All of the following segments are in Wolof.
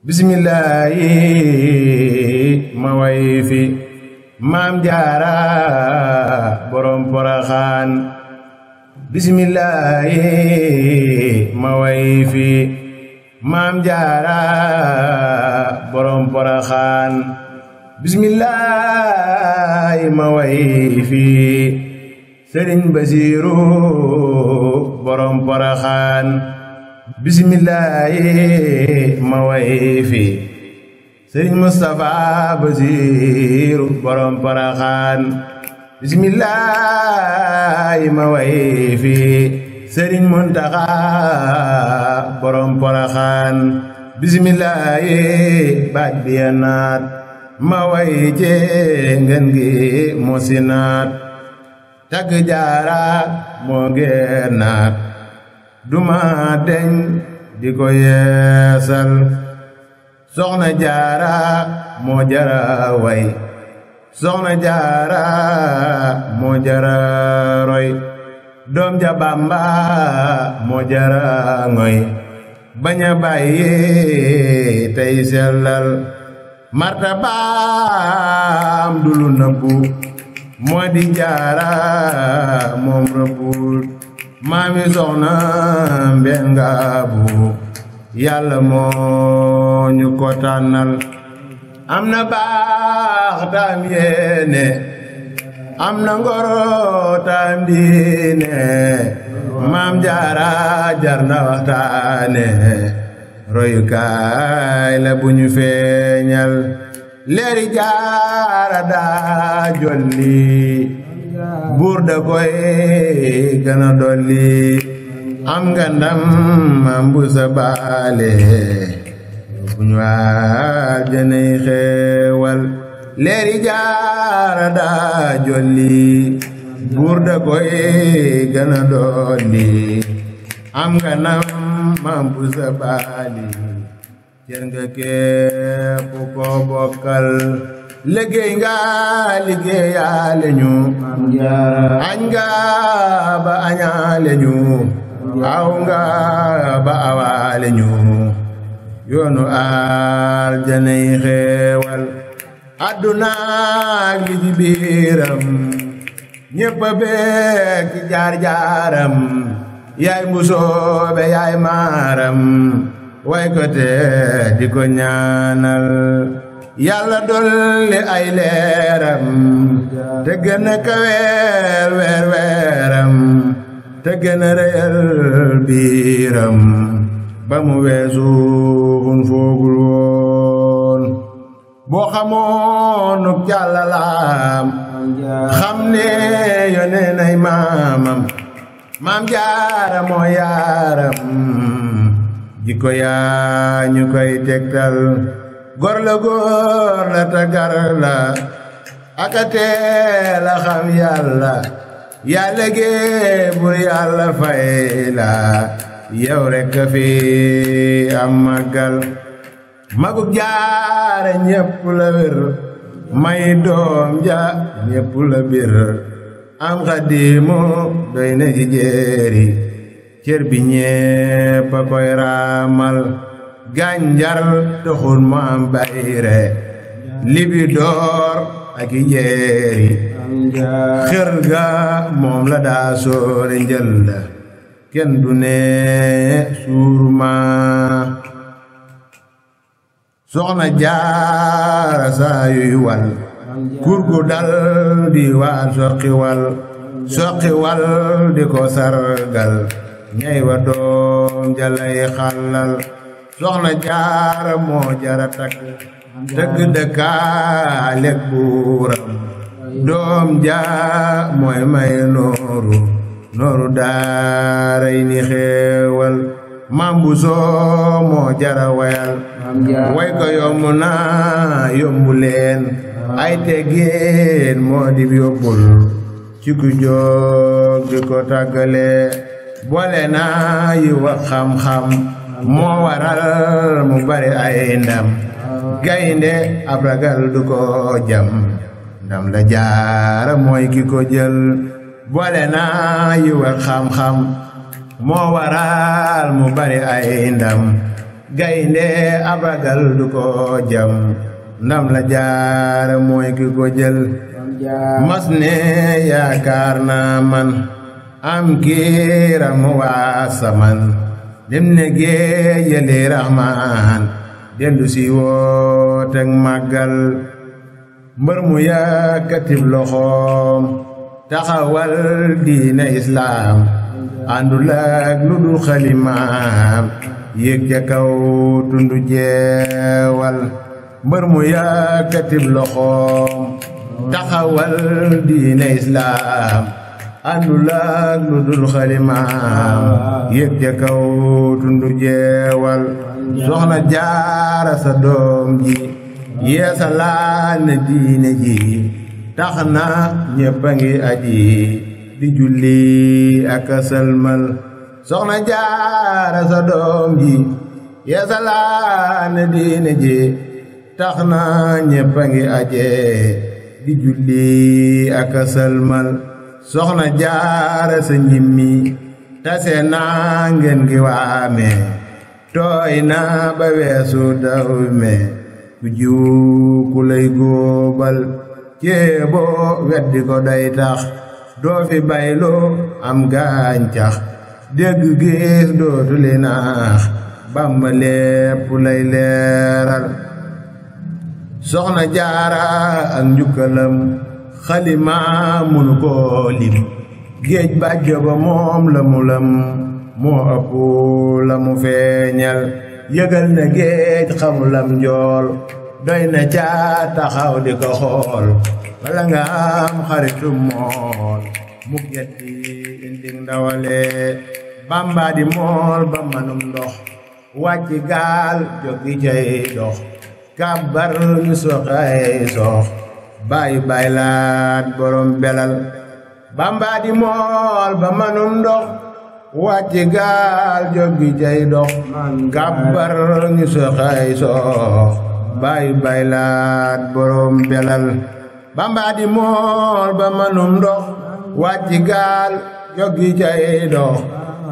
bismillaahi ma way fi maam jaara borom poroxaan bismillaahi ma maam jaara borom poroxaan bismillaahi ma way fi borom poroxaan bismillaahi ma way fi sëriñ Moustapha Basiiru borom Poroxaan ma way sëriñ Muntaxa borom Poroxaan bismillaahi baat ma way ngeen gi musinaat tagg jaara moo ngeen naat duma deñ di ko yeesal soxna jaara moo jara way soxna jaara moo jara roy doom ja bamba moo jara ngoy bañ a sellal marta baam dulu nëbbu moo di jaara moom rëbbut maami soxna mbengaabu yàlla moo ñu ko tànnal am na baax taam yéene am na ngoro taam diine maam jaara jar na waxtaane royukaay la bu ñu feeñal leeri jaara daa jolli buur da koy gën dolli am nga ndam maam bu sa xeewal leeri jaara daa jolli buur da koy gën dolli am nga ndam maam bu sa baali liggéey nga liggéeyaale ñu añ nga ba añaale ñu aw nga ba awaale ñu yoonu aljanay xeewal adduna gi biiram ñépp a bekk jaar-jaaram yaay mbusoobe yaay maaram way ko te di ko ñaanal yàlla dolli ay leeram te gën a weer weeram te gën reyal biiram ba mu weesu foogul woon boo xamoonuk jàllalaam xam ne yonee nay maamam maam jaara moo yaaram jikko yaa ñu koy tegtal góor la góor la te gar xam yàlla yàlla gee bur yàlla fay la rekk fi am màggal magu jaare ñépp la may doom ja ñépp bir am xadimu doy na ci jéeri bi ñépp a koy gànjar taxul mu am bayre libidoor ak i njeeri xër ga moom la daa soore njël kenn du ne suurma soxna jaara saa yuy wal kurgu dal di waa soqiwal soqiwal di ko sargal ñay wa doom jalay xàllal soxna jaara moo jara takk tëgg dëkkaale buuram doom jaa mooy may nooru nooru daaray ni xeewal maam soo moo jara wayal way ko yomb naa yombu leen ay teggeen moo di yóbbul ci ku jóg di ko tàggale boole naa yi wax xam-xam moo waral mu bari ay ndam gaynde ab du ko jam ndam la jaara mooy ki ko jël boole naa yiw xam-xam moo waral mu bari ay ndam gaynde ab du ko jam ndam la jaara mooy ki ko jël mas ne yaakaar naa man am kiira mu waa saman dem ne géeyali raxmaan dellu si màggal mbër mu yàkkatib loxoom taxawal diine islaam àndul lu dul xalimaam yéeg ca kaw tundu jeewal mbër mu yàkkatib loxoom taxawal diine islaam àndulaak lu dul xalimaam yëg ja kaw tundu jeewal soxna jaara sa doom ji yeesalaat na diine ji tax na ñépp a ngi aji di julli ak salmal soxna jaara sa doom ji yeesalaat na diine ji tax na ñépp ngi aje di julli ak salmal soxna jaara sa njimmi tase naa ngeen gi waame tooy naa ba weesu daw me ku jiwu lay góobal ceeboo weddi ko tax doo fi bayloo am gàncax dégg gis dootu li naax bàmba lépp lay leeral soxna jaara ak njukkalam xalima munu lim géej bàjj ba moom la mu lam moo ëpp la mu feeñal yëgal na géej xamulam njool doy na ca taxaw di ko bala nga am xaritu mool mu yetti indi ndawale di mool ba manum ndox wàcci gaal jogi cay dox kàbbar ñu soxay sox bàyyi baylaat borom belal bamba di mool ba manum ndox wàcci gaal joggi jay dox gàbbar ñu soxay soox bàyyi baylaat borom belal bamba di mool ba manum ndox wàcci gaal joggi jay dox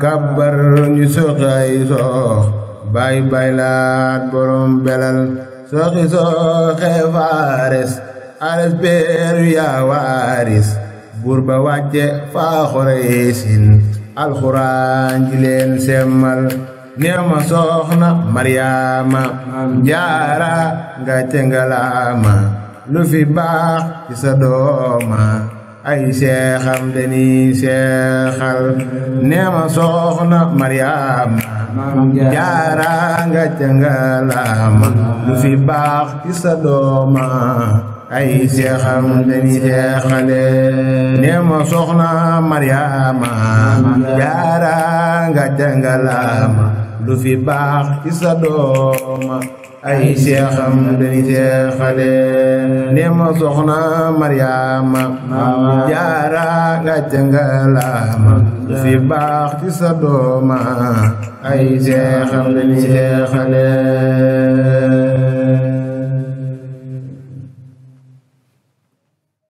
gàbbar ñu soxay soox bàyyi baylaat borom belal soxi sooxe faares ares beeru yaa waaris buur ba wàcce faa xoreesin alxuraan leen semmal nee ma maryaama jaara nga cengalaama lu baax ci sa dooma ay seexam dañuy seexal nee ma maryaama jaara nga cengalaama lu baax ci sa ay seexam dañuy seexale nee ma soxna Mariama jaara nga jàngalaama lu fi baax ci sa dooma ay seexam dañuy seexale nee ma soxna Mariama jaara nga jàngalaama lu fi baax ci sa dooma ay seexam dañuy seexale